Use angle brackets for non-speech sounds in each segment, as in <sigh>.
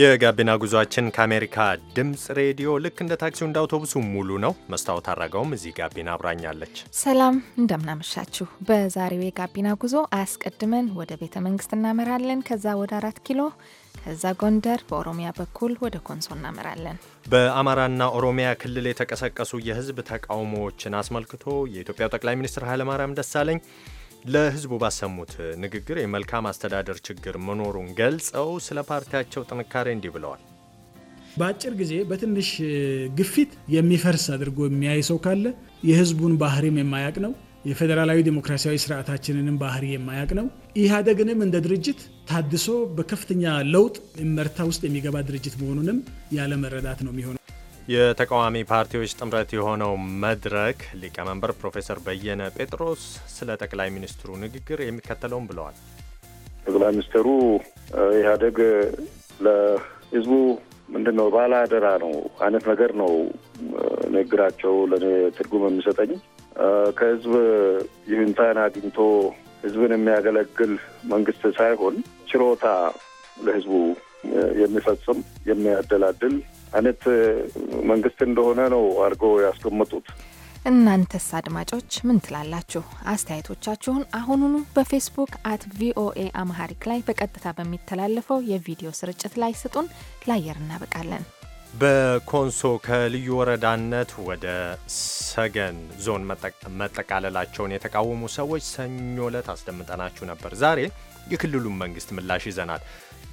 የጋቢና ጉዟችን ከአሜሪካ ድምፅ ሬዲዮ ልክ እንደ ታክሲው እንደ አውቶቡሱ ሙሉ ነው። መስታወት አድረገውም እዚህ ጋቢና አብራኛለች። ሰላም እንደምናመሻችሁ። በዛሬው የጋቢና ጉዞ አያስቀድመን ወደ ቤተ መንግስት እናመራለን። ከዛ ወደ አራት ኪሎ ከዛ ጎንደር፣ በኦሮሚያ በኩል ወደ ኮንሶ እናመራለን። በአማራና ኦሮሚያ ክልል የተቀሰቀሱ የህዝብ ተቃውሞዎችን አስመልክቶ የኢትዮጵያው ጠቅላይ ሚኒስትር ኃይለማርያም ደሳለኝ ለህዝቡ ባሰሙት ንግግር የመልካም አስተዳደር ችግር መኖሩን ገልጸው ስለ ፓርቲያቸው ጥንካሬ እንዲህ ብለዋል። በአጭር ጊዜ በትንሽ ግፊት የሚፈርስ አድርጎ የሚያይ ሰው ካለ የህዝቡን ባህሪም የማያቅ ነው። የፌዴራላዊ ዴሞክራሲያዊ ስርዓታችንንም ባህሪ የማያቅ ነው። ኢህአዴግንም እንደ ድርጅት ታድሶ በከፍተኛ ለውጥ መርታ ውስጥ የሚገባ ድርጅት መሆኑንም ያለመረዳት ነው የሚሆነው። የተቃዋሚ ፓርቲዎች ጥምረት የሆነው መድረክ ሊቀመንበር ፕሮፌሰር በየነ ጴጥሮስ ስለ ጠቅላይ ሚኒስትሩ ንግግር የሚከተለውን ብለዋል። ጠቅላይ ሚኒስትሩ ኢህአዴግ ለህዝቡ ምንድን ነው ባለ አደራ ነው አይነት ነገር ነው ንግግራቸው ለእኔ ትርጉም የሚሰጠኝ። ከህዝብ ይሁንታን አግኝቶ ህዝብን የሚያገለግል መንግስት ሳይሆን ችሮታ ለህዝቡ የሚፈጽም የሚያደላድል አይነት መንግስት እንደሆነ ነው አድርገው ያስቀመጡት። እናንተስ አድማጮች ምን ትላላችሁ? አስተያየቶቻችሁን አሁኑኑ በፌስቡክ አት ቪኦኤ አማሃሪክ ላይ በቀጥታ በሚተላለፈው የቪዲዮ ስርጭት ላይ ስጡን። ለአየር እናበቃለን። በኮንሶ ከልዩ ወረዳነት ወደ ሰገን ዞን መጠቃለላቸውን የተቃወሙ ሰዎች ሰኞ ዕለት አስደምጠናችሁ ነበር። ዛሬ የክልሉን መንግስት ምላሽ ይዘናል።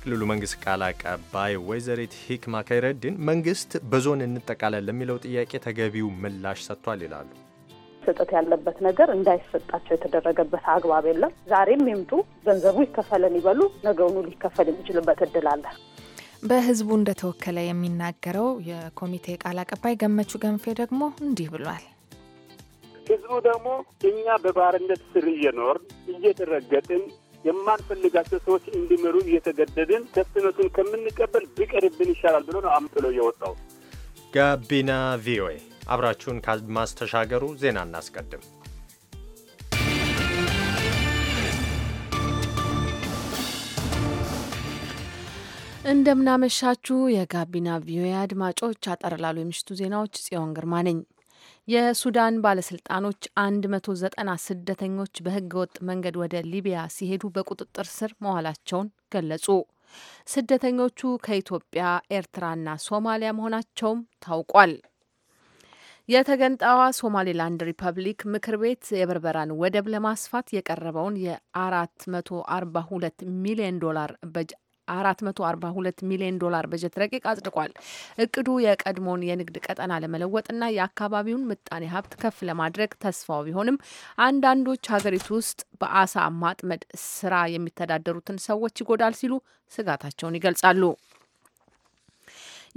የክልሉ መንግስት ቃል አቀባይ ወይዘሪት ሂክማ ከይረዲን መንግስት በዞን እንጠቃለን ለሚለው ጥያቄ ተገቢው ምላሽ ሰጥቷል ይላሉ። መሰጠት ያለበት ነገር እንዳይሰጣቸው የተደረገበት አግባብ የለም። ዛሬም ይምጡ፣ ገንዘቡ ይከፈለን ይበሉ፣ ነገውኑ ሊከፈል የሚችልበት እድል አለ። በህዝቡ እንደተወከለ የሚናገረው የኮሚቴ ቃል አቀባይ ገመቹ ገንፌ ደግሞ እንዲህ ብሏል። ህዝቡ ደግሞ እኛ በባርነት ስር እየኖርን እየተረገጥን የማንፈልጋቸው ሰዎች እንዲመሩ እየተገደድን ተስነቱን ከምንቀበል ቢቀርብን ይሻላል ብሎ ነው አምጥሎ እየወጣው ጋቢና ቪኦኤ አብራችሁን ከአድማስ ተሻገሩ። ዜና እናስቀድም። እንደምናመሻችሁ የጋቢና ቪኦኤ አድማጮች፣ አጠር ላሉ የምሽቱ ዜናዎች ጽዮን ግርማ ነኝ። የሱዳን ባለስልጣኖች 190 ስደተኞች በህገ ስደተኞች መንገድ ወደ ሊቢያ ሲሄዱ በቁጥጥር ስር መዋላቸውን ገለጹ። ስደተኞቹ ከኢትዮጵያ፣ ኤርትራና ሶማሊያ መሆናቸውም ታውቋል። የተገንጣዋ ሶማሌላንድ ሪፐብሊክ ምክር ቤት የበርበራን ወደብ ለማስፋት የቀረበውን የ442 ሚሊዮን ዶላር በጅ 442 ሚሊዮን ዶላር በጀት ረቂቅ አጽድቋል። እቅዱ የቀድሞውን የንግድ ቀጠና ለመለወጥና የአካባቢውን ምጣኔ ሀብት ከፍ ለማድረግ ተስፋው ቢሆንም አንዳንዶች ሀገሪቱ ውስጥ በአሳ ማጥመድ ስራ የሚተዳደሩትን ሰዎች ይጎዳል ሲሉ ስጋታቸውን ይገልጻሉ።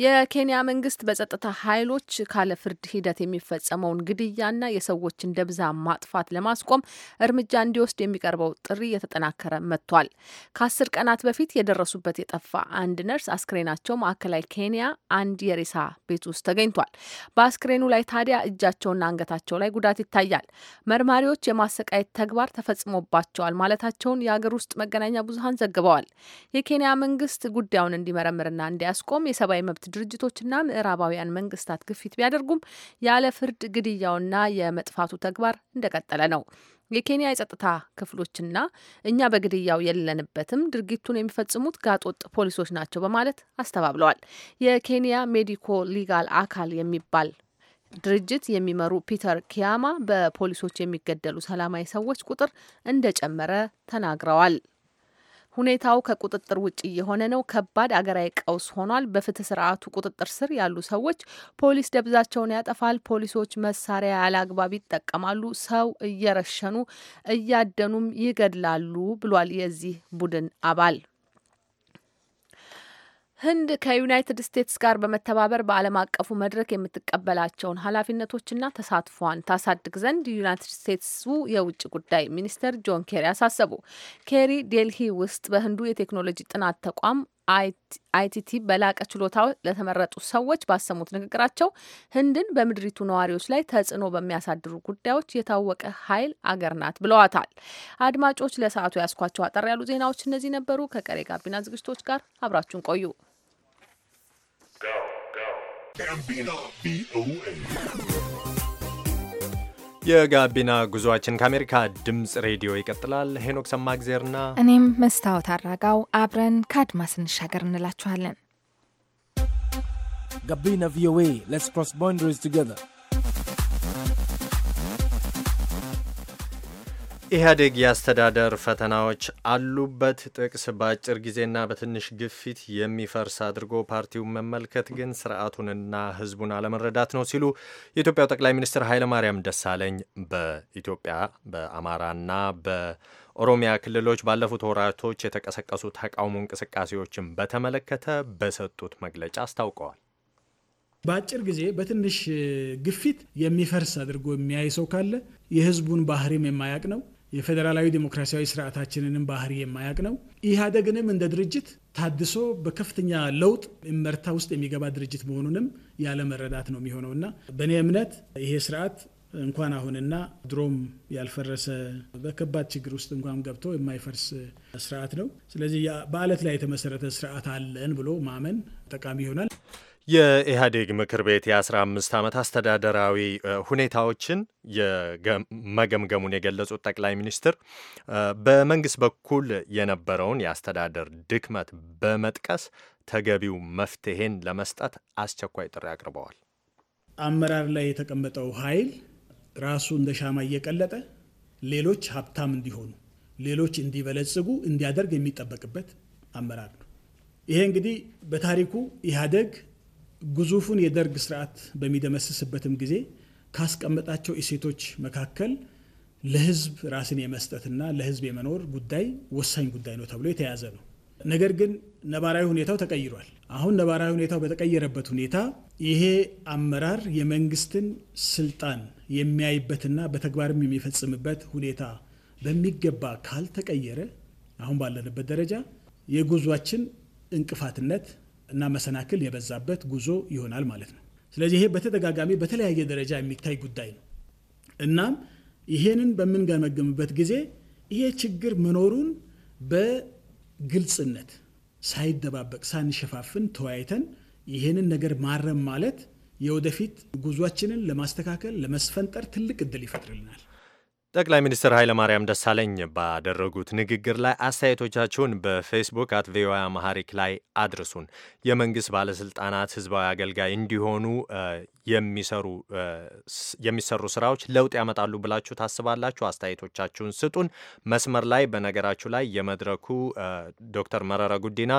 የኬንያ መንግስት በጸጥታ ኃይሎች ካለ ፍርድ ሂደት የሚፈጸመውን ግድያና የሰዎችን ደብዛ ማጥፋት ለማስቆም እርምጃ እንዲወስድ የሚቀርበው ጥሪ የተጠናከረ መጥቷል። ከአስር ቀናት በፊት የደረሱበት የጠፋ አንድ ነርስ አስክሬናቸው ማዕከላዊ ኬንያ አንድ የሬሳ ቤት ውስጥ ተገኝቷል። በአስክሬኑ ላይ ታዲያ እጃቸውና አንገታቸው ላይ ጉዳት ይታያል። መርማሪዎች የማሰቃየት ተግባር ተፈጽሞባቸዋል ማለታቸውን የአገር ውስጥ መገናኛ ብዙሀን ዘግበዋል። የኬንያ መንግስት ጉዳዩን እንዲመረምርና እንዲያስቆም የሰብአዊ መብት ድርጅቶችና ምዕራባውያን መንግስታት ግፊት ቢያደርጉም ያለ ፍርድ ግድያውና የመጥፋቱ ተግባር እንደቀጠለ ነው። የኬንያ የጸጥታ ክፍሎችና እኛ በግድያው የለንበትም፣ ድርጊቱን የሚፈጽሙት ጋጦጥ ፖሊሶች ናቸው በማለት አስተባብለዋል። የኬንያ ሜዲኮ ሊጋል አካል የሚባል ድርጅት የሚመሩ ፒተር ኪያማ በፖሊሶች የሚገደሉ ሰላማዊ ሰዎች ቁጥር እንደጨመረ ተናግረዋል። ሁኔታው ከቁጥጥር ውጭ እየሆነ ነው። ከባድ አገራዊ ቀውስ ሆኗል። በፍትህ ስርዓቱ ቁጥጥር ስር ያሉ ሰዎች ፖሊስ ደብዛቸውን ያጠፋል። ፖሊሶች መሳሪያ ያለ አግባብ ይጠቀማሉ። ሰው እየረሸኑ እያደኑም ይገድላሉ ብሏል የዚህ ቡድን አባል። ህንድ ከዩናይትድ ስቴትስ ጋር በመተባበር በዓለም አቀፉ መድረክ የምትቀበላቸውን ኃላፊነቶችና ተሳትፏን ታሳድግ ዘንድ ዩናይትድ ስቴትሱ የውጭ ጉዳይ ሚኒስትር ጆን ኬሪ አሳሰቡ። ኬሪ ዴልሂ ውስጥ በህንዱ የቴክኖሎጂ ጥናት ተቋም አይቲቲ በላቀ ችሎታ ለተመረጡ ሰዎች ባሰሙት ንግግራቸው ህንድን በምድሪቱ ነዋሪዎች ላይ ተጽዕኖ በሚያሳድሩ ጉዳዮች የታወቀ ኃይል አገር ናት ብለዋታል። አድማጮች፣ ለሰዓቱ ያስኳቸው አጠር ያሉ ዜናዎች እነዚህ ነበሩ። ከቀሬ ጋቢና ዝግጅቶች ጋር አብራችሁን ቆዩ። ጋቢና ቪኦኤ የጋቢና ጉዞአችን ከአሜሪካ ድምፅ ሬዲዮ ይቀጥላል። ሄኖክ ሰማግዜርና እኔም መስታወት አራጋው አብረን ከአድማስ እንሻገር እንላችኋለን። ጋቢና ቪኦኤ ሌትስ ክሮስ ባውንደሪስ ቱጌዘር ኢህአዴግ የአስተዳደር ፈተናዎች አሉበት። ጥቅስ በአጭር ጊዜና በትንሽ ግፊት የሚፈርስ አድርጎ ፓርቲውን መመልከት ግን ስርዓቱንና ህዝቡን አለመረዳት ነው ሲሉ የኢትዮጵያው ጠቅላይ ሚኒስትር ኃይለማርያም ደሳለኝ በኢትዮጵያ በአማራና በኦሮሚያ ክልሎች ባለፉት ወራቶች የተቀሰቀሱ ተቃውሞ እንቅስቃሴዎችን በተመለከተ በሰጡት መግለጫ አስታውቀዋል። በአጭር ጊዜ በትንሽ ግፊት የሚፈርስ አድርጎ የሚያይ ሰው ካለ የህዝቡን ባህሪም የማያቅ ነው። የፌዴራላዊ ዴሞክራሲያዊ ስርዓታችንንም ባህሪ የማያቅ ነው። ኢህአዴግንም እንደ ድርጅት ታድሶ በከፍተኛ ለውጥ መርታ ውስጥ የሚገባ ድርጅት መሆኑንም ያለ መረዳት ነው የሚሆነው እና በእኔ እምነት ይሄ ስርዓት እንኳን አሁንና ድሮም ያልፈረሰ በከባድ ችግር ውስጥ እንኳን ገብቶ የማይፈርስ ስርዓት ነው። ስለዚህ በአለት ላይ የተመሰረተ ስርዓት አለን ብሎ ማመን ጠቃሚ ይሆናል። የኢህአዴግ ምክር ቤት የ15 ዓመት አስተዳደራዊ ሁኔታዎችን መገምገሙን የገለጹት ጠቅላይ ሚኒስትር በመንግስት በኩል የነበረውን የአስተዳደር ድክመት በመጥቀስ ተገቢው መፍትሄን ለመስጠት አስቸኳይ ጥሪ አቅርበዋል። አመራር ላይ የተቀመጠው ኃይል ራሱ እንደ ሻማ እየቀለጠ ሌሎች ሀብታም እንዲሆኑ፣ ሌሎች እንዲበለጽጉ እንዲያደርግ የሚጠበቅበት አመራር ነው። ይሄ እንግዲህ በታሪኩ ኢህአዴግ ግዙፉን የደርግ ስርዓት በሚደመስስበትም ጊዜ ካስቀመጣቸው እሴቶች መካከል ለህዝብ ራስን የመስጠትና ለህዝብ የመኖር ጉዳይ ወሳኝ ጉዳይ ነው ተብሎ የተያዘ ነው። ነገር ግን ነባራዊ ሁኔታው ተቀይሯል። አሁን ነባራዊ ሁኔታው በተቀየረበት ሁኔታ ይሄ አመራር የመንግስትን ስልጣን የሚያይበትና በተግባርም የሚፈጽምበት ሁኔታ በሚገባ ካልተቀየረ አሁን ባለንበት ደረጃ የጉዟችን እንቅፋትነት እና መሰናክል የበዛበት ጉዞ ይሆናል ማለት ነው። ስለዚህ ይሄ በተደጋጋሚ በተለያየ ደረጃ የሚታይ ጉዳይ ነው። እናም ይሄንን በምንገመግምበት ጊዜ ይሄ ችግር መኖሩን በግልጽነት ሳይደባበቅ፣ ሳንሸፋፍን ተወያይተን ይሄንን ነገር ማረም ማለት የወደፊት ጉዟችንን ለማስተካከል ለመስፈንጠር ትልቅ እድል ይፈጥርልናል። ጠቅላይ ሚኒስትር ኃይለማርያም ደሳለኝ ባደረጉት ንግግር ላይ አስተያየቶቻችሁን በፌስቡክ አት ቪኦኤ አማሐሪክ ላይ አድርሱን። የመንግስት ባለስልጣናት ህዝባዊ አገልጋይ እንዲሆኑ የሚሰሩ የሚሰሩ ስራዎች ለውጥ ያመጣሉ ብላችሁ ታስባላችሁ? አስተያየቶቻችሁን ስጡን። መስመር ላይ በነገራችሁ ላይ የመድረኩ ዶክተር መረረ ጉዲና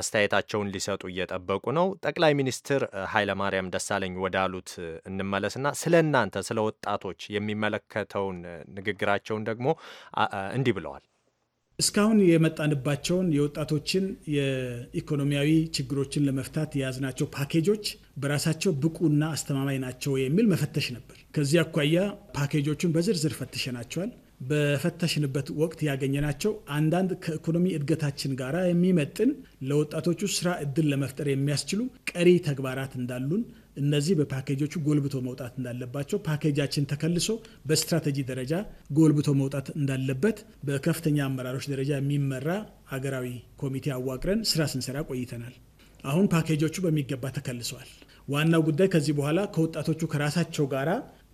አስተያየታቸውን ሊሰጡ እየጠበቁ ነው። ጠቅላይ ሚኒስትር ኃይለማርያም ደሳለኝ ወዳሉት እንመለስና ስለ እናንተ ስለ ወጣቶች የሚመለከተውን ንግግራቸውን ደግሞ እንዲህ ብለዋል። እስካሁን የመጣንባቸውን የወጣቶችን የኢኮኖሚያዊ ችግሮችን ለመፍታት የያዝናቸው ፓኬጆች በራሳቸው ብቁና አስተማማኝ ናቸው የሚል መፈተሽ ነበር። ከዚህ አኳያ ፓኬጆቹን በዝርዝር ፈትሸናቸዋል። በፈተሽንበት ወቅት ያገኘናቸው አንዳንድ ከኢኮኖሚ እድገታችን ጋር የሚመጥን ለወጣቶቹ ስራ እድል ለመፍጠር የሚያስችሉ ቀሪ ተግባራት እንዳሉን እነዚህ በፓኬጆቹ ጎልብቶ መውጣት እንዳለባቸው፣ ፓኬጃችን ተከልሶ በስትራቴጂ ደረጃ ጎልብቶ መውጣት እንዳለበት በከፍተኛ አመራሮች ደረጃ የሚመራ ሀገራዊ ኮሚቴ አዋቅረን ስራ ስንሰራ ቆይተናል። አሁን ፓኬጆቹ በሚገባ ተከልሰዋል። ዋናው ጉዳይ ከዚህ በኋላ ከወጣቶቹ ከራሳቸው ጋራ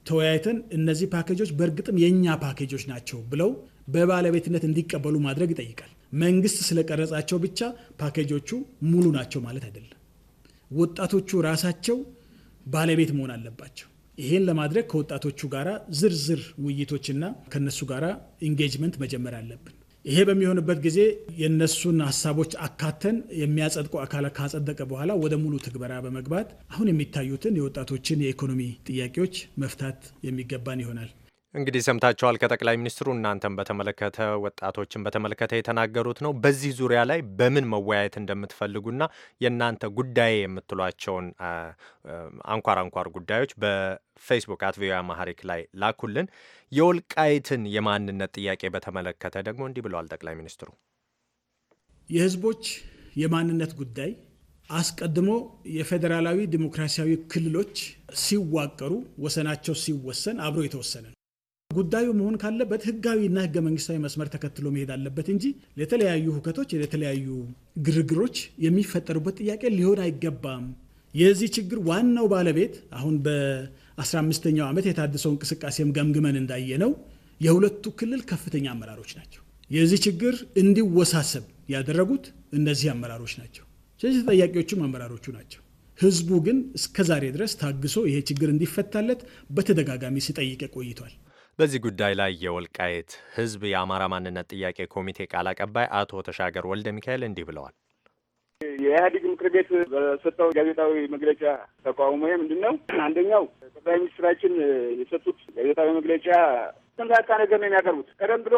ተወያይተን እነዚህ ፓኬጆች በእርግጥም የእኛ ፓኬጆች ናቸው ብለው በባለቤትነት እንዲቀበሉ ማድረግ ይጠይቃል። መንግስት ስለቀረጻቸው ብቻ ፓኬጆቹ ሙሉ ናቸው ማለት አይደለም። ወጣቶቹ ራሳቸው ባለቤት መሆን አለባቸው። ይሄን ለማድረግ ከወጣቶቹ ጋር ዝርዝር ውይይቶችና ከነሱ ጋር ኢንጌጅመንት መጀመር አለብን። ይሄ በሚሆንበት ጊዜ የነሱን ሀሳቦች አካተን የሚያጸድቁ አካል ካጸደቀ በኋላ ወደ ሙሉ ትግበራ በመግባት አሁን የሚታዩትን የወጣቶችን የኢኮኖሚ ጥያቄዎች መፍታት የሚገባን ይሆናል። እንግዲህ ሰምታችኋል ከጠቅላይ ሚኒስትሩ እናንተን በተመለከተ ወጣቶችን በተመለከተ የተናገሩት ነው። በዚህ ዙሪያ ላይ በምን መወያየት እንደምትፈልጉና የእናንተ ጉዳይ የምትሏቸውን አንኳር አንኳር ጉዳዮች በፌስቡክ አት ቪኦኤ አማሪክ ላይ ላኩልን። የወልቃይትን የማንነት ጥያቄ በተመለከተ ደግሞ እንዲህ ብለዋል ጠቅላይ ሚኒስትሩ የህዝቦች የማንነት ጉዳይ አስቀድሞ የፌዴራላዊ ዲሞክራሲያዊ ክልሎች ሲዋቀሩ ወሰናቸው ሲወሰን አብሮ የተወሰነ ነው። ጉዳዩ መሆን ካለበት ህጋዊና ህገ መንግስታዊ መስመር ተከትሎ መሄድ አለበት እንጂ ለተለያዩ ሁከቶች፣ ለተለያዩ ግርግሮች የሚፈጠሩበት ጥያቄ ሊሆን አይገባም። የዚህ ችግር ዋናው ባለቤት አሁን በ15ኛው ዓመት የታድሰው እንቅስቃሴም ገምግመን እንዳየ ነው የሁለቱ ክልል ከፍተኛ አመራሮች ናቸው። የዚህ ችግር እንዲወሳሰብ ያደረጉት እነዚህ አመራሮች ናቸው። ስለዚህ ተጠያቂዎቹም አመራሮቹ ናቸው። ህዝቡ ግን እስከ ዛሬ ድረስ ታግሶ ይሄ ችግር እንዲፈታለት በተደጋጋሚ ሲጠይቅ ቆይቷል። በዚህ ጉዳይ ላይ የወልቃየት ህዝብ የአማራ ማንነት ጥያቄ ኮሚቴ ቃል አቀባይ አቶ ተሻገር ወልደ ሚካኤል እንዲህ ብለዋል። የኢህአዴግ ምክር ቤት በሰጠው ጋዜጣዊ መግለጫ ተቃውሞ ምንድን ነው? አንደኛው ጠቅላይ ሚኒስትራችን የሰጡት ጋዜጣዊ መግለጫ ተምታታ ነገር ነው የሚያቀርቡት። ቀደም ብሎ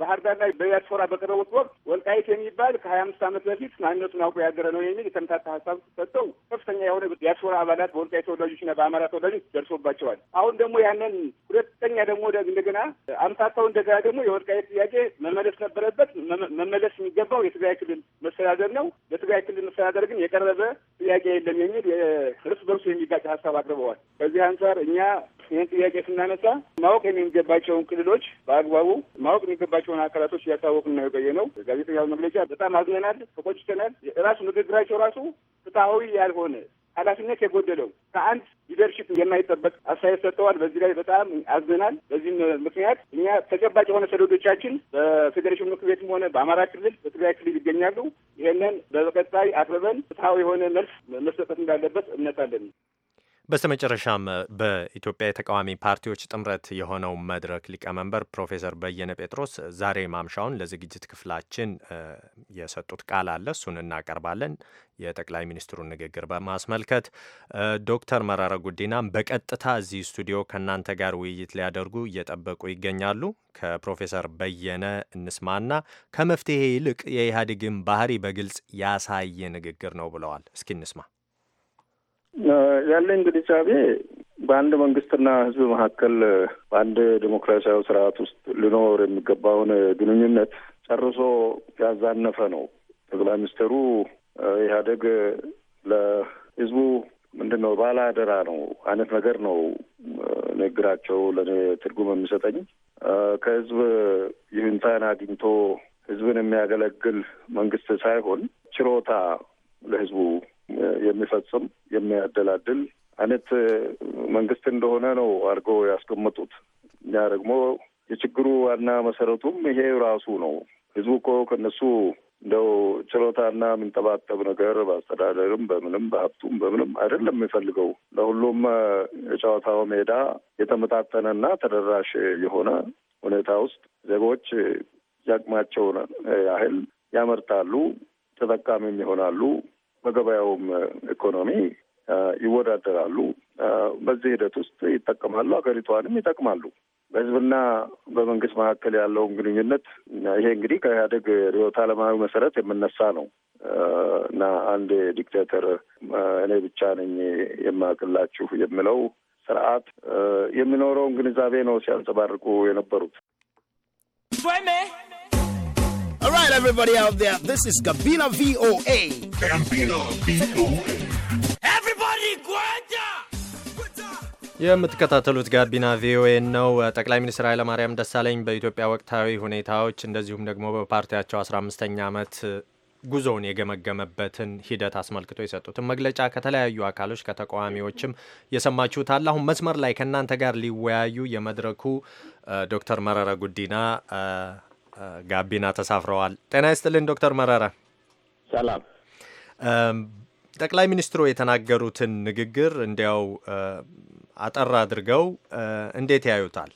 ባህር ላይ በዲያስፖራ በቀረቡት ወቅት ወልቃይት የሚባል ከሀያ አምስት ዓመት በፊት ማንነቱን አውቆ ያደረ ነው የሚል የተምታታ ሀሳብ ሰጥተው ከፍተኛ የሆነ ዲያስፖራ አባላት በወልቃይት ተወላጆችና በአማራ ተወላጆች ደርሶባቸዋል። አሁን ደግሞ ያንን ሁለተኛ ደግሞ እንደገና አምታታው እንደገና ደግሞ የወልቃይት ጥያቄ መመለስ ነበረበት። መመለስ የሚገባው የትግራይ ክልል መስተዳደር ነው። ለትግራይ ክልል መስተዳደር ግን የቀረበ ጥያቄ የለም የሚል እርስ በርሱ የሚጋጭ ሀሳብ አቅርበዋል። በዚህ አንጻር እኛ ይህን ጥያቄ ስናነሳ ማወቅ የሚገባቸውን ክልሎች በአግባቡ ማወቅ የሚገባቸውን አካላቶች እያሳወቅ ነው የቆየ ነው። ጋዜጠኛው መግለጫ በጣም አዝነናል፣ ተቆጭተናል። ራሱ ንግግራቸው ራሱ ፍትሐዊ ያልሆነ ኃላፊነት የጎደለው ከአንድ ሊደርሽፕ የማይጠበቅ አስተያየት ሰጥተዋል። በዚህ ላይ በጣም አዝነናል። በዚህም ምክንያት እኛ ተጨባጭ የሆነ ሰደዶቻችን በፌዴሬሽን ምክር ቤትም ሆነ በአማራ ክልል፣ በትግራይ ክልል ይገኛሉ። ይህንን በቀጣይ አቅርበን ፍትሐዊ የሆነ መልስ መሰጠት እንዳለበት እምነት አለን። በስተመጨረሻም በኢትዮጵያ የተቃዋሚ ፓርቲዎች ጥምረት የሆነው መድረክ ሊቀመንበር ፕሮፌሰር በየነ ጴጥሮስ ዛሬ ማምሻውን ለዝግጅት ክፍላችን የሰጡት ቃል አለ። እሱን እናቀርባለን። የጠቅላይ ሚኒስትሩን ንግግር በማስመልከት ዶክተር መራራ ጉዲናም በቀጥታ እዚህ ስቱዲዮ ከእናንተ ጋር ውይይት ሊያደርጉ እየጠበቁ ይገኛሉ። ከፕሮፌሰር በየነ እንስማና ከመፍትሄ ይልቅ የኢህአዴግን ባህሪ በግልጽ ያሳየ ንግግር ነው ብለዋል። እስኪ እንስማ። ያለኝ እንግዲህ በአንድ መንግስትና ህዝብ መካከል በአንድ ዲሞክራሲያዊ ስርዓት ውስጥ ሊኖር የሚገባውን ግንኙነት ጨርሶ ያዛነፈ ነው። ጠቅላይ ሚኒስትሩ ኢህአዴግ ለህዝቡ ምንድን ነው ባለ አደራ ነው አይነት ነገር ነው ንግግራቸው ለእኔ ትርጉም የሚሰጠኝ። ከህዝብ ይሁንታን አግኝቶ ህዝብን የሚያገለግል መንግስት ሳይሆን ችሮታ ለህዝቡ የሚፈጽም የሚያደላድል አይነት መንግስት እንደሆነ ነው አድርገው ያስቀመጡት። እኛ ደግሞ የችግሩ ዋና መሰረቱም ይሄ ራሱ ነው። ህዝቡ እኮ ከነሱ እንደው ችሎታና የሚንጠባጠብ ነገር በአስተዳደርም በምንም በሀብቱም በምንም አይደለም የሚፈልገው። ለሁሉም የጨዋታው ሜዳ የተመጣጠነና ተደራሽ የሆነ ሁኔታ ውስጥ ዜጎች ያቅማቸውን ያህል ያመርታሉ፣ ተጠቃሚም ይሆናሉ። በገበያውም ኢኮኖሚ ይወዳደራሉ። በዚህ ሂደት ውስጥ ይጠቀማሉ፣ ሀገሪቷንም ይጠቅማሉ። በህዝብና በመንግስት መካከል ያለውን ግንኙነት ይሄ እንግዲህ ከኢህአደግ ርዕዮተ ዓለማዊ መሰረት የምነሳ ነው እና አንድ ዲክቴተር እኔ ብቻ ነኝ የማቅላችሁ የምለው ስርዓት የሚኖረውን ግንዛቤ ነው ሲያንጸባርቁ የነበሩት። right, everybody out there, this is Gabina VOA. Gabina VOA. Everybody, የምትከታተሉት ጋቢና ቪኦኤ ነው። ጠቅላይ ሚኒስትር ኃይለማርያም ደሳለኝ በኢትዮጵያ ወቅታዊ ሁኔታዎች እንደዚሁም ደግሞ በፓርቲያቸው 15ኛ ዓመት ጉዞውን የገመገመበትን ሂደት አስመልክቶ የሰጡትን መግለጫ ከተለያዩ አካሎች ከተቃዋሚዎችም የሰማችሁት አሁን መስመር ላይ ከእናንተ ጋር ሊወያዩ የመድረኩ ዶክተር መረረ ጉዲና ጋቢና ተሳፍረዋል። ጤና ይስጥልን ዶክተር መረራ ሰላም። ጠቅላይ ሚኒስትሩ የተናገሩትን ንግግር እንዲያው አጠር አድርገው እንዴት ያዩታል?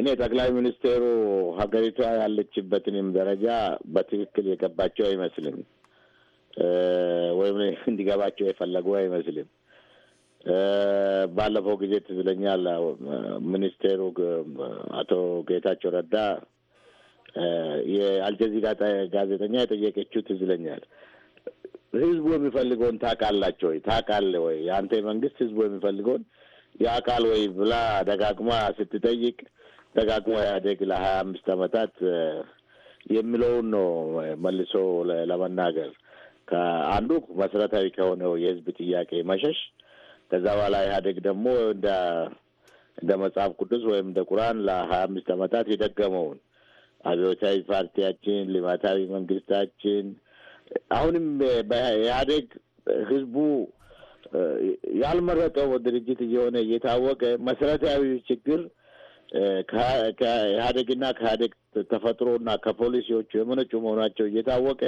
እኔ ጠቅላይ ሚኒስትሩ ሀገሪቷ ያለችበትንም ደረጃ በትክክል የገባቸው አይመስልም፣ ወይም እንዲገባቸው የፈለጉ አይመስልም። ባለፈው ጊዜ ትዝ ይለኛል ሚኒስቴሩ አቶ ጌታቸው ረዳ የአልጀዚራ ጋዜጠኛ የጠየቀችው ትዝ ይለኛል። ህዝቡ የሚፈልገውን ታውቃላችሁ ወይ? ታውቃለህ ወይ? የአንተ መንግስት ህዝቡ የሚፈልገውን የአካል ወይ ብላ ደጋግማ ስትጠይቅ ደጋግሞ ኢህአዴግ ለሀያ አምስት አመታት የሚለውን ነው መልሶ ለመናገር ከአንዱ መሰረታዊ ከሆነው የህዝብ ጥያቄ መሸሽ ከዛ በኋላ ኢህአዴግ ደግሞ እንደ እንደ መጽሐፍ ቅዱስ ወይም እንደ ቁርአን ለሀያ አምስት ዓመታት የደገመውን አብዮታዊ ፓርቲያችን፣ ልማታዊ መንግስታችን አሁንም ኢህአዴግ ህዝቡ ያልመረጠው ድርጅት እየሆነ እየታወቀ መሰረታዊ ችግር ከኢህአዴግና ከኢህአዴግ ተፈጥሮና ከፖሊሲዎቹ የመነጩ መሆናቸው እየታወቀ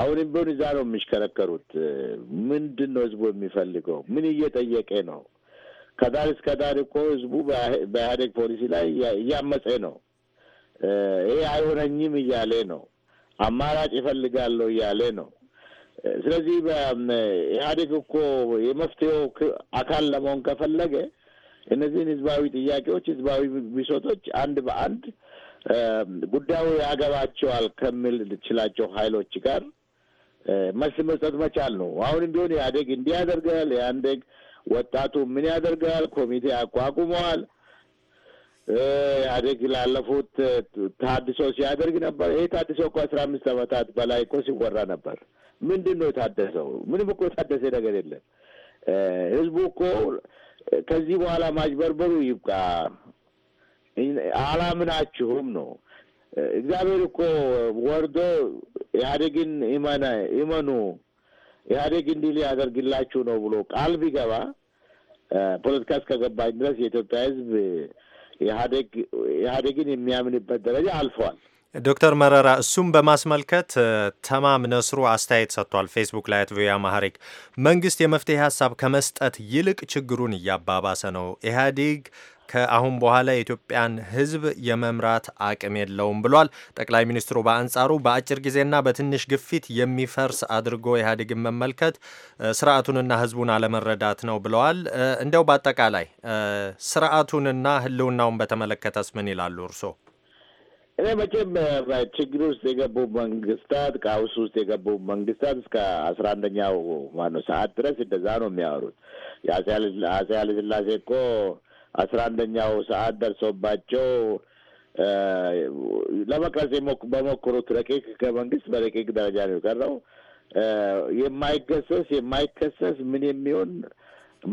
አሁንም ቢሆን እዛ ነው የሚሽከረከሩት። ምንድን ነው ህዝቡ የሚፈልገው? ምን እየጠየቀ ነው? ከዳር እስከ ዳር እኮ ህዝቡ በኢህአዴግ ፖሊሲ ላይ እያመፀ ነው። ይሄ አይሆነኝም እያለ ነው። አማራጭ ይፈልጋለሁ እያለ ነው። ስለዚህ በኢህአዴግ እኮ የመፍትሄው አካል ለመሆን ከፈለገ እነዚህን ህዝባዊ ጥያቄዎች፣ ህዝባዊ ብሶቶች አንድ በአንድ ጉዳዩ ያገባቸዋል ከሚል ችላቸው ሀይሎች ጋር መልስ መስጠት መቻል ነው። አሁንም ቢሆን ኢህአዴግ እንዲህ ያደርጋል፣ ኢህአዴግ ወጣቱ ምን ያደርጋል፣ ኮሚቴ አቋቁመዋል። ኢህአዴግ ላለፉት ታድሶ ሲያደርግ ነበር። ይሄ ታድሶ እኮ አስራ አምስት ዓመታት በላይ እኮ ሲወራ ነበር። ምንድን ነው የታደሰው? ምንም እኮ የታደሰ ነገር የለም። ህዝቡ እኮ ከዚህ በኋላ ማጭበርበሩ ይብቃ፣ አላምናችሁም ነው እግዚአብሔር እኮ ወርዶ ኢህአዴግን ኢመና ኢመኑ ኢህአዴግ እንዲህ ያደርግላችሁ ነው ብሎ ቃል ቢገባ ፖለቲካ እስከገባኝ ድረስ የኢትዮጵያ ህዝብ ኢህአዴግ ኢህአዴግን የሚያምንበት ደረጃ አልፈዋል። ዶክተር መረራ እሱም በማስመልከት ተማም ነስሩ አስተያየት ሰጥቷል። ፌስቡክ ላይ አትቪ አማሐሪክ መንግስት የመፍትሄ ሀሳብ ከመስጠት ይልቅ ችግሩን እያባባሰ ነው። ኢህአዴግ ከአሁን በኋላ የኢትዮጵያን ሕዝብ የመምራት አቅም የለውም ብሏል። ጠቅላይ ሚኒስትሩ በአንጻሩ በአጭር ጊዜና በትንሽ ግፊት የሚፈርስ አድርጎ ኢህአዴግን መመልከት ስርዓቱንና ሕዝቡን አለመረዳት ነው ብለዋል። እንደው በአጠቃላይ ስርዓቱንና ህልውናውን በተመለከተስ ምን ይላሉ እርስዎ? እኔ መቼም ችግር ውስጥ የገቡ መንግስታት፣ ቀውስ ውስጥ የገቡ መንግስታት እስከ አስራ አንደኛው ማነው ሰዓት ድረስ እንደዛ ነው የሚያወሩት። የአጼ ኃይለስላሴ እኮ አስራ አንደኛው ሰዓት ደርሶባቸው ለመቅረጽ በሞክሩት ረቂቅ ከመንግስት በረቂቅ ደረጃ ነው የቀረው። የማይገሰስ የማይከሰስ ምን የሚሆን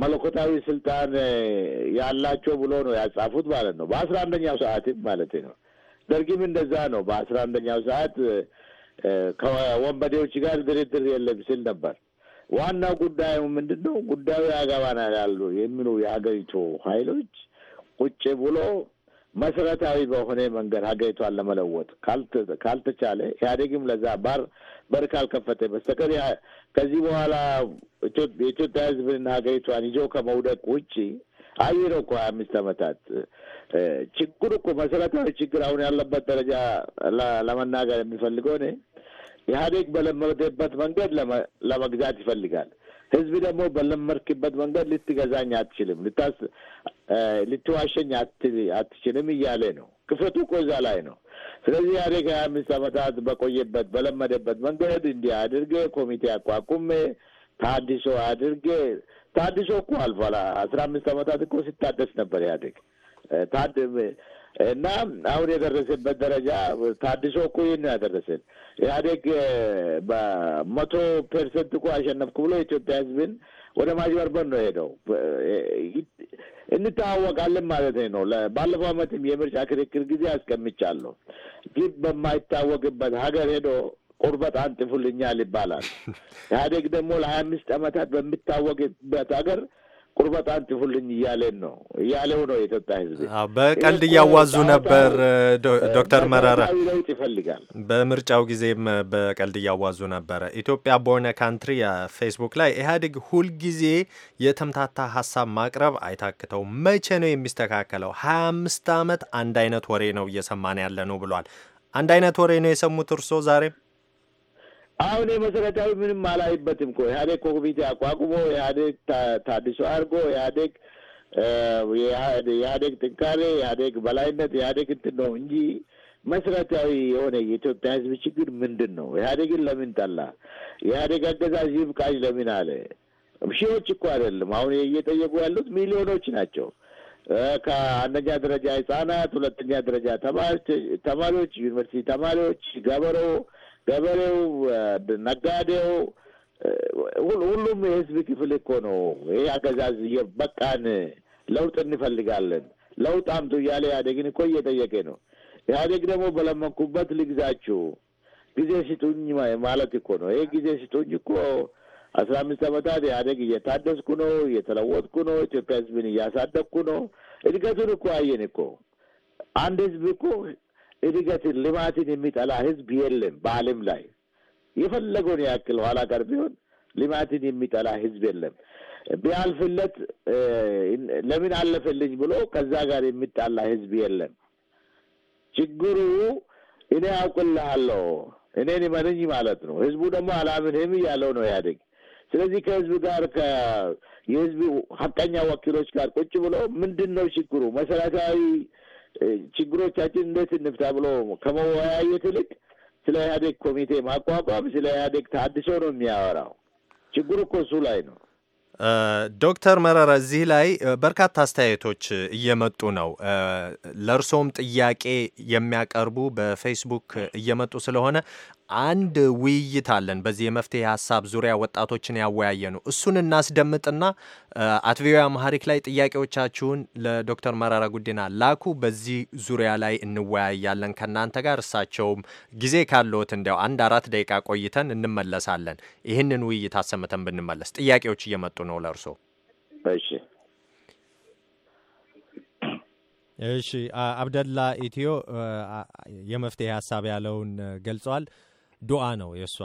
መለኮታዊ ስልጣን ያላቸው ብሎ ነው ያጻፉት ማለት ነው። በአስራ አንደኛው ሰዓትም ማለት ነው። ደርግም እንደዛ ነው። በአስራ አንደኛው ሰዓት ከወንበዴዎች ጋር ድርድር የለም ሲል ነበር። ዋና ጉዳዩ ምንድን ነው? ጉዳዩ ያገባናል ያሉ የሚሉ የሀገሪቱ ኃይሎች ቁጭ ብሎ መሰረታዊ በሆነ መንገድ ሀገሪቷን ለመለወጥ ካልተቻለ ኢህአዴግም ለዛ ባር በር ካልከፈተ በስተቀር ከዚህ በኋላ የኢትዮጵያ ሕዝብንና ሀገሪቷን ይዞ ከመውደቅ ውጭ አየነው እኮ ሀያ አምስት ዓመታት ችግሩ እኮ መሰረታዊ ችግር አሁን ያለበት ደረጃ ለመናገር የሚፈልገው እኔ ኢህአዴግ በለመደበት መንገድ ለመግዛት ይፈልጋል። ህዝብ ደግሞ በለመድክበት መንገድ ልትገዛኝ አትችልም፣ ልትዋሸኝ አትችልም እያለ ነው። ክፍተቱ ቆዛ ላይ ነው። ስለዚህ ኢህአዴግ ሀያ አምስት ዓመታት በቆየበት በለመደበት መንገድ እንዲህ አድርጌ ኮሚቴ አቋቁሜ ታድሶ አድርጌ ታድሶ እኮ አልፏል። አስራ አምስት ዓመታት እኮ ሲታደስ ነበር ኢህአዴግ ታድ እና አሁን የደረሰበት ደረጃ ታድሶ እኮ ይህን ያደረሰን። ኢህአዴግ በመቶ ፐርሰንት እኮ አሸነፍኩ ብሎ የኢትዮጵያ ህዝብን ወደ ማጭበርበር ነው ሄደው እንተዋወቃለን ማለት ነው። ባለፈው ዓመትም የምርጫ ክርክር ጊዜ አስቀምጫለሁ። ግብ በማይታወቅበት ሀገር ሄዶ ቁርበት አንጥፉልኛል ይባላል። <laughs> ኢህአዴግ ደግሞ ለሀያ አምስት ዓመታት በሚታወቅበት ሀገር ቁርበት አንጥፉልኝ እያለን ነው እያለው ነው የኢትዮጵያ ህዝብ። በቀልድ እያዋዙ ነበር። ዶክተር መረራ ለውጥ ይፈልጋል። በምርጫው ጊዜም በቀልድ እያዋዙ ነበረ። ኢትዮጵያ ቦርነ ካንትሪ ፌስቡክ ላይ ኢህአዴግ ሁልጊዜ የተምታታ ሀሳብ ማቅረብ አይታክተው። መቼ ነው የሚስተካከለው? ሀያ አምስት አመት አንድ አይነት ወሬ ነው እየሰማን ያለ ነው ብሏል። አንድ አይነት ወሬ ነው የሰሙት እርስዎ ዛሬም አሁን መሰረታዊ ምንም አላይበትም እኮ ኢህአዴግ እኮ ኮሚቴ አቋቁሞ ኢህአዴግ ታድሶ አድርጎ ኢህአዴግ የኢህአዴግ ጥንካሬ ኢህአዴግ በላይነት ኢህአዴግ እንትን ነው እንጂ መሰረታዊ የሆነ የኢትዮጵያ ህዝብ ችግር ምንድን ነው? ኢህአዴግን ለምን ጠላ? ኢህአዴግ አገዛዝ ይብቃኝ ለምን አለ? ሺዎች እኮ አይደለም አሁን እየጠየቁ ያሉት ሚሊዮኖች ናቸው። ከአንደኛ ደረጃ ህጻናት፣ ሁለተኛ ደረጃ ተማሪዎች፣ ዩኒቨርሲቲ ተማሪዎች፣ ገበሬው ገበሬው፣ ነጋዴው፣ ሁሉም የህዝብ ክፍል እኮ ነው። ይህ አገዛዝ በቃን፣ ለውጥ እንፈልጋለን፣ ለውጥ አምጡ እያለ ኢህአዴግን እኮ እየጠየቀ ነው። ኢህአዴግ ደግሞ በለመንኩበት ልግዛችሁ ጊዜ ስጡኝ ማለት እኮ ነው። ይህ ጊዜ ስጡኝ እኮ አስራ አምስት ዓመታት ኢህአዴግ እየታደስኩ ነው፣ እየተለወጥኩ ነው፣ ኢትዮጵያ ህዝብን እያሳደግኩ ነው። እድገቱን እኮ አየን እኮ አንድ ህዝብ እኮ እድገትን፣ ልማትን የሚጠላ ህዝብ የለም በአለም ላይ የፈለገውን ያክል ኋላ ቀር ቢሆን ልማትን የሚጠላ ህዝብ የለም። ቢያልፍለት ለምን አለፈልኝ ብሎ ከዛ ጋር የሚጣላ ህዝብ የለም። ችግሩ እኔ አውቅልሃለሁ እኔን መንኝ ማለት ነው። ህዝቡ ደግሞ አላምንህም እያለው ነው ያደግ ስለዚህ ከህዝብ ጋር የህዝብ ሀቀኛ ወኪሎች ጋር ቁጭ ብሎ ምንድን ነው ችግሩ መሰረታዊ ችግሮቻችን እንዴት እንፍታ ብሎ ከመወያየት ይልቅ ስለ ኢህአዴግ ኮሚቴ ማቋቋም፣ ስለ ኢህአዴግ ታድሶ ነው የሚያወራው። ችግሩ እኮ እሱ ላይ ነው። ዶክተር መረራ እዚህ ላይ በርካታ አስተያየቶች እየመጡ ነው። ለእርሶም ጥያቄ የሚያቀርቡ በፌስቡክ እየመጡ ስለሆነ አንድ ውይይት አለን በዚህ የመፍትሄ ሀሳብ ዙሪያ ወጣቶችን ያወያየ ነው። እሱን እናስደምጥና አትቪዮ ማሀሪክ አማሪክ ላይ ጥያቄዎቻችሁን ለዶክተር መራራ ጉዲና ላኩ። በዚህ ዙሪያ ላይ እንወያያለን ከእናንተ ጋር። እሳቸውም ጊዜ ካለዎት እንዲያው አንድ አራት ደቂቃ ቆይተን እንመለሳለን። ይህንን ውይይት አሰምተን ብንመለስ ጥያቄዎች እየመጡ ነው ለእርሶ። እሺ እሺ አብደላ ኢትዮ የመፍትሄ ሀሳብ ያለውን ገልጿል። ዱዓ ነው የእሱ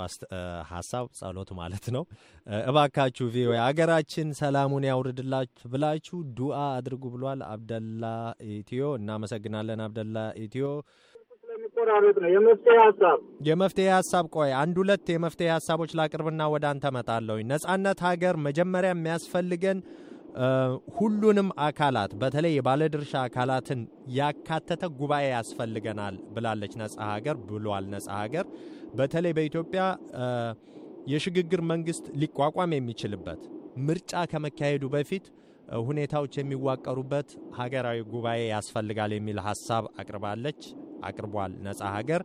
ሀሳብ፣ ጸሎት ማለት ነው። እባካችሁ ቪኦኤ አገራችን ሰላሙን ያውርድላችሁ ብላችሁ ዱዓ አድርጉ ብሏል አብደላ ኢትዮ። እናመሰግናለን አብደላ ኢትዮ። የመፍትሄ ሀሳብ ቆይ አንድ ሁለት የመፍትሄ ሀሳቦች ላቅርብና ወደ አንተ መጣለሁኝ። ነጻነት ሀገር መጀመሪያ የሚያስፈልገን ሁሉንም አካላት በተለይ የባለድርሻ አካላትን ያካተተ ጉባኤ ያስፈልገናል ብላለች ነጻ ሀገር ብሏል ነጻ ሀገር በተለይ በኢትዮጵያ የሽግግር መንግስት ሊቋቋም የሚችልበት ምርጫ ከመካሄዱ በፊት ሁኔታዎች የሚዋቀሩበት ሀገራዊ ጉባኤ ያስፈልጋል የሚል ሀሳብ አቅርባለች አቅርቧል። ነጻ ሀገር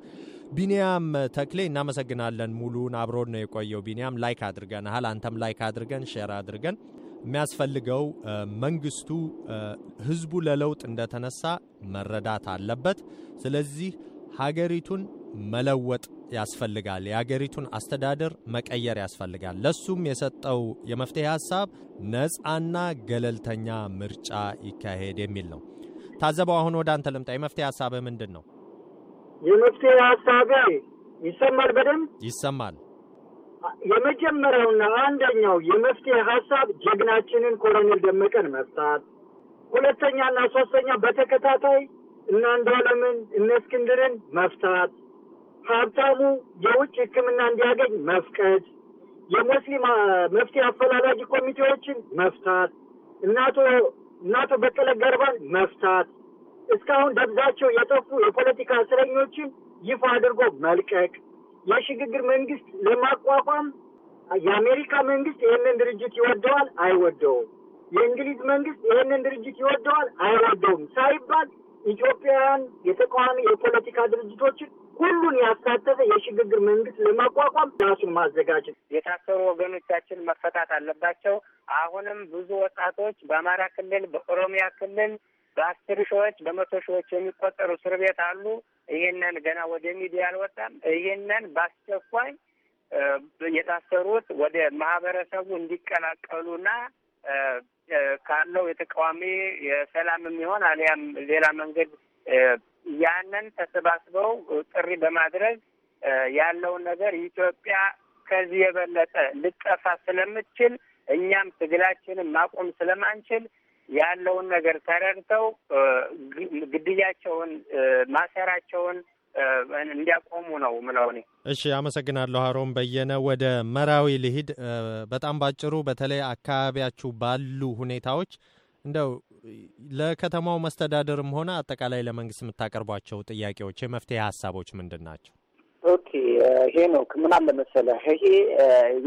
ቢኒያም ተክሌ እናመሰግናለን። ሙሉን አብሮን ነው የቆየው። ቢኒያም ላይክ አድርገንሃል። አንተም ላይክ አድርገን ሼር አድርገን የሚያስፈልገው መንግስቱ ህዝቡ ለለውጥ እንደተነሳ መረዳት አለበት። ስለዚህ ሀገሪቱን መለወጥ ያስፈልጋል። የአገሪቱን አስተዳደር መቀየር ያስፈልጋል። ለሱም የሰጠው የመፍትሄ ሐሳብ ነፃና ገለልተኛ ምርጫ ይካሄድ የሚል ነው። ታዘበው፣ አሁን ወደ አንተ ልምጣ። የመፍትሄ ሐሳብህ ምንድን ነው? የመፍትሄ ሐሳቤ ይሰማል? በደንብ ይሰማል። የመጀመሪያውና አንደኛው የመፍትሄ ሐሳብ ጀግናችንን ኮሎኔል ደመቀን መፍታት፣ ሁለተኛና ሶስተኛ በተከታታይ እነ አንዱዓለምን እነ እስክንድርን መፍታት ሀብታሙ የውጭ ሕክምና እንዲያገኝ መፍቀድ፣ የሙስሊም መፍትሄ አፈላላጊ ኮሚቴዎችን መፍታት እናቶ እናቶ በቀለ ገርባን መፍታት እስካሁን ደብዛቸው የጠፉ የፖለቲካ እስረኞችን ይፋ አድርጎ መልቀቅ፣ የሽግግር መንግስት ለማቋቋም የአሜሪካ መንግስት ይህንን ድርጅት ይወደዋል አይወደውም፣ የእንግሊዝ መንግስት ይህንን ድርጅት ይወደዋል አይወደውም ሳይባል ኢትዮጵያውያን የተቃዋሚ የፖለቲካ ድርጅቶችን ሁሉን ያካተተ የሽግግር መንግስት ለማቋቋም ራሱን ማዘጋጀት። የታሰሩ ወገኖቻችን መፈታት አለባቸው። አሁንም ብዙ ወጣቶች በአማራ ክልል፣ በኦሮሚያ ክልል በአስር ሺዎች በመቶ ሺዎች የሚቆጠሩ እስር ቤት አሉ። ይሄንን ገና ወደ ሚዲያ አልወጣም። ይሄንን በአስቸኳይ የታሰሩት ወደ ማህበረሰቡ እንዲቀላቀሉና ካለው የተቃዋሚ የሰላም የሚሆን አሊያም ሌላ መንገድ ያንን ተሰባስበው ጥሪ በማድረግ ያለውን ነገር ኢትዮጵያ ከዚህ የበለጠ ልጠፋ ስለምትችል እኛም ትግላችንን ማቆም ስለማንችል ያለውን ነገር ተረድተው ግድያቸውን፣ ማሰራቸውን እንዲያቆሙ ነው ምለው እኔ። እሺ፣ አመሰግናለሁ። አሮም በየነ ወደ መራዊ ልሂድ። በጣም ባጭሩ በተለይ አካባቢያችሁ ባሉ ሁኔታዎች እንደው ለከተማው መስተዳደርም ሆነ አጠቃላይ ለመንግስት የምታቀርቧቸው ጥያቄዎች፣ የመፍትሄ ሀሳቦች ምንድን ናቸው? ኦኬ ሄኖክ፣ ምን አለ መሰለህ ይሄ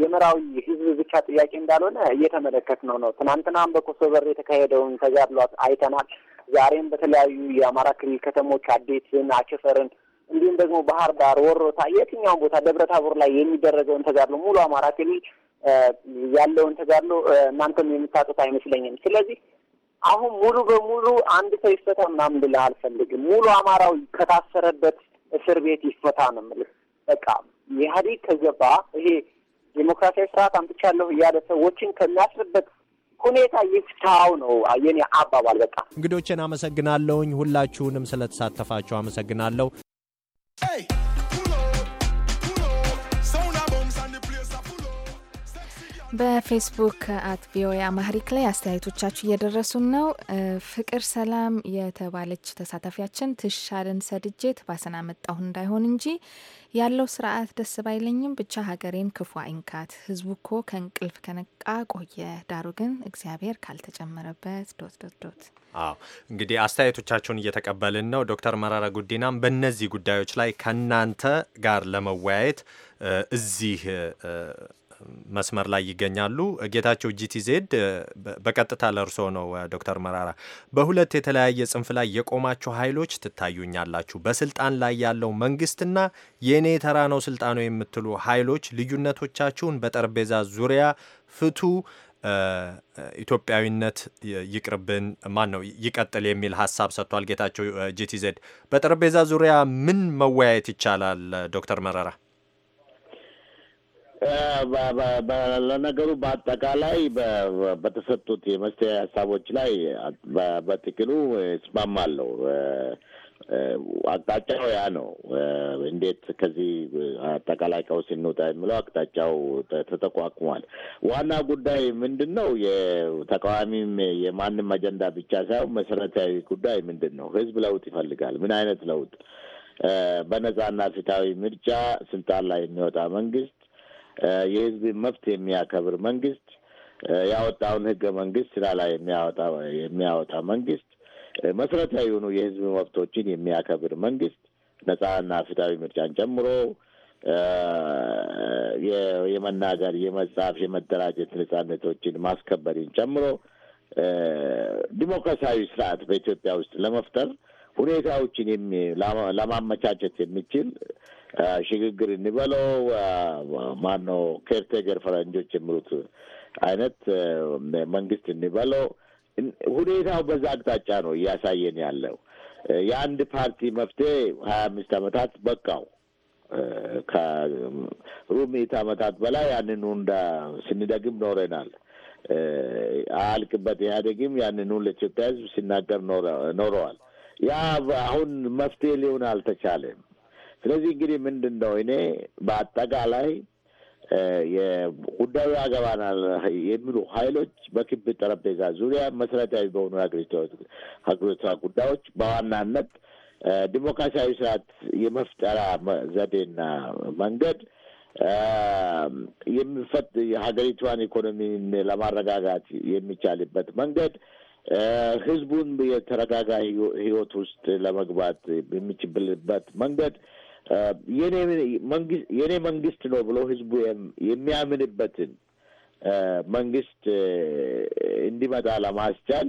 የምዕራዊ ህዝብ ብቻ ጥያቄ እንዳልሆነ እየተመለከት ነው ነው ትናንትናም በኮሶ በር የተካሄደውን ተጋድሎ አይተናል። ዛሬም በተለያዩ የአማራ ክልል ከተሞች አዴትን፣ አቸፈርን እንዲሁም ደግሞ ባህር ዳር፣ ወሮታ፣ የትኛውን ቦታ ደብረ ታቦር ላይ የሚደረገውን ተጋድሎ ሙሉ አማራ ክልል ያለውን ተጋድሎ እናንተም የምታጡት አይመስለኝም። ስለዚህ አሁን ሙሉ በሙሉ አንድ ሰው ይፈታ ምናምን ልልህ አልፈልግም። ሙሉ አማራው ከታሰረበት እስር ቤት ይፈታ ነው የምልህ። በቃ ኢህአዴግ ከገባ ይሄ ዴሞክራሲያዊ ስርዓት አምጥቻለሁ እያለ ሰዎችን ከሚያስርበት ሁኔታ ይፍታው ነው የኔ አባባል። በቃ እንግዶችን አመሰግናለሁኝ። ሁላችሁንም ስለተሳተፋችሁ አመሰግናለሁ። በፌስቡክ አት ቪኦኤ አማህሪክ ላይ አስተያየቶቻችሁ እየደረሱን ነው። ፍቅር ሰላም የተባለች ተሳታፊያችን ትሻልን ሰድጄ ትባሰና መጣሁ እንዳይሆን እንጂ ያለው ስርዓት ደስ ባይለኝም ብቻ ሀገሬን ክፉ አይንካት። ህዝቡ እኮ ከእንቅልፍ ከነቃ ቆየ። ዳሩ ግን እግዚአብሔር ካልተጨመረበት ዶት ዶት ዶት። አዎ እንግዲህ አስተያየቶቻችሁን እየተቀበልን ነው። ዶክተር መራራ ጉዲናም በእነዚህ ጉዳዮች ላይ ከእናንተ ጋር ለመወያየት እዚህ መስመር ላይ ይገኛሉ። ጌታቸው ጂቲዜድ በቀጥታ ለእርሶ ነው። ዶክተር መራራ በሁለት የተለያየ ጽንፍ ላይ የቆማችሁ ኃይሎች ትታዩኛላችሁ። በስልጣን ላይ ያለው መንግስትና የእኔ የተራ ነው ስልጣኑ የምትሉ ኃይሎች ልዩነቶቻችሁን በጠረጴዛ ዙሪያ ፍቱ ኢትዮጵያዊነት ይቅርብን፣ ማን ነው ይቀጥል የሚል ሀሳብ ሰጥቷል ጌታቸው ጂቲዜድ። በጠረጴዛ ዙሪያ ምን መወያየት ይቻላል ዶክተር መረራ? ለነገሩ በአጠቃላይ በተሰጡት የመስተያ ሀሳቦች ላይ በጥቅሉ እስማማለሁ። አቅጣጫው ያ ነው። እንዴት ከዚህ አጠቃላይ ቀውስ እንውጣ የሚለው አቅጣጫው ተጠቋቁሟል። ዋና ጉዳይ ምንድን ነው? የተቃዋሚም የማንም አጀንዳ ብቻ ሳይሆን መሰረታዊ ጉዳይ ምንድን ነው? ህዝብ ለውጥ ይፈልጋል። ምን አይነት ለውጥ? በነጻና ፍትሐዊ ምርጫ ስልጣን ላይ የሚወጣ መንግስት የህዝብ መብት የሚያከብር መንግስት ያወጣውን ህገ መንግስት ስራ ላይ የሚያወጣ የሚያወጣ መንግስት መሰረታዊ የሆኑ የህዝብ መብቶችን የሚያከብር መንግስት ነጻና ፍትሐዊ ምርጫን ጨምሮ የመናገር፣ የመጻፍ፣ የመደራጀት ነጻነቶችን ማስከበርን ጨምሮ ዲሞክራሲያዊ ስርዓት በኢትዮጵያ ውስጥ ለመፍጠር ሁኔታዎችን ለማመቻቸት የሚችል ሽግግር እንበለው ማነው ኬርቴገር ፈረንጆች የሚሉት አይነት መንግስት እንበለው ሁኔታው በዛ አቅጣጫ ነው እያሳየን ያለው። የአንድ ፓርቲ መፍትሄ ሀያ አምስት አመታት በቃው። ከሩብ ምዕተ ዓመታት በላይ ያንኑ እንዳ ስንደግም ኖረናል። አያልቅበት ኢህአዴግም ያንኑ ለኢትዮጵያ ሕዝብ ሲናገር ኖረዋል። ያ አሁን መፍትሄ ሊሆን አልተቻለም። ስለዚህ እንግዲህ ምንድን ነው እኔ በአጠቃላይ የጉዳዩ ያገባናል የሚሉ ኃይሎች በክብ ጠረጴዛ ዙሪያ መሰረታዊ በሆኑ የሀገሪቷ ጉዳዮች በዋናነት ዲሞክራሲያዊ ስርዓት የመፍጠራ ዘዴና መንገድ የሚፈት የሀገሪቷን ኢኮኖሚን ለማረጋጋት የሚቻልበት መንገድ ህዝቡን የተረጋጋ ህይወት ውስጥ ለመግባት የሚችብልበት መንገድ የኔ መንግስት ነው ብሎ ህዝቡ የሚያምንበትን መንግስት እንዲመጣ ለማስቻል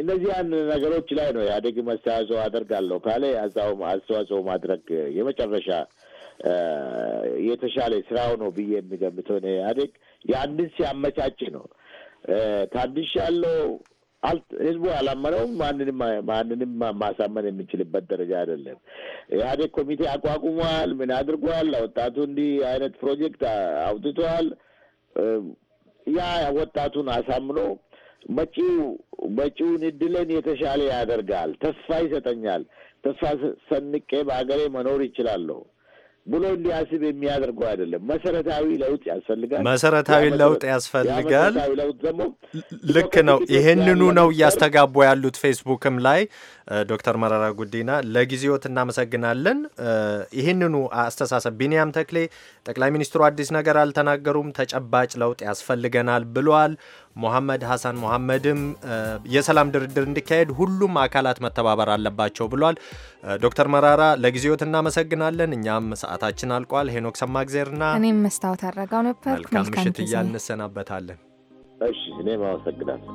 እነዚያን ነገሮች ላይ ነው ኢህአዴግ መስተዋጽኦ አደርጋለሁ ካለ አስተዋጽኦ ማድረግ የመጨረሻ የተሻለ ስራው ነው ብዬ የሚገምተው ኢህአዴግ የአንድን ሲያመቻች ነው ያለው ህዝቡ አላመነውም። ማንንም ማንንም ማሳመን የምችልበት ደረጃ አይደለም። ኢህአዴግ ኮሚቴ አቋቁሟል። ምን አድርጓል? ወጣቱ እንዲህ አይነት ፕሮጀክት አውጥቷል። ያ ወጣቱን አሳምኖ መጪው መጪውን እድለን የተሻለ ያደርጋል፣ ተስፋ ይሰጠኛል፣ ተስፋ ሰንቄ በሀገሬ መኖር ይችላለሁ ብሎ እንዲያስብ የሚያደርገው አይደለም። መሰረታዊ ለውጥ ያስፈልጋል። መሰረታዊ ለውጥ ያስፈልጋል። ለውጥ ደግሞ ልክ ነው። ይህንኑ ነው እያስተጋቡ ያሉት። ፌስቡክም ላይ ዶክተር መረራ ጉዲና ለጊዜዎት እናመሰግናለን። ይህንኑ አስተሳሰብ ቢንያም ተክሌ ጠቅላይ ሚኒስትሩ አዲስ ነገር አልተናገሩም፣ ተጨባጭ ለውጥ ያስፈልገናል ብለዋል። ሞሐመድ ሀሳን ሞሐመድም የሰላም ድርድር እንዲካሄድ ሁሉም አካላት መተባበር አለባቸው ብሏል። ዶክተር መራራ ለጊዜዎት እናመሰግናለን። እኛም ሰዓታችን አልቋል። ሄኖክ ሰማግዜርና እኔም መስታወት አረጋው ነበር። መልካም ምሽት እያልን እንሰናበታለን። እሺ እኔም አመሰግናለሁ።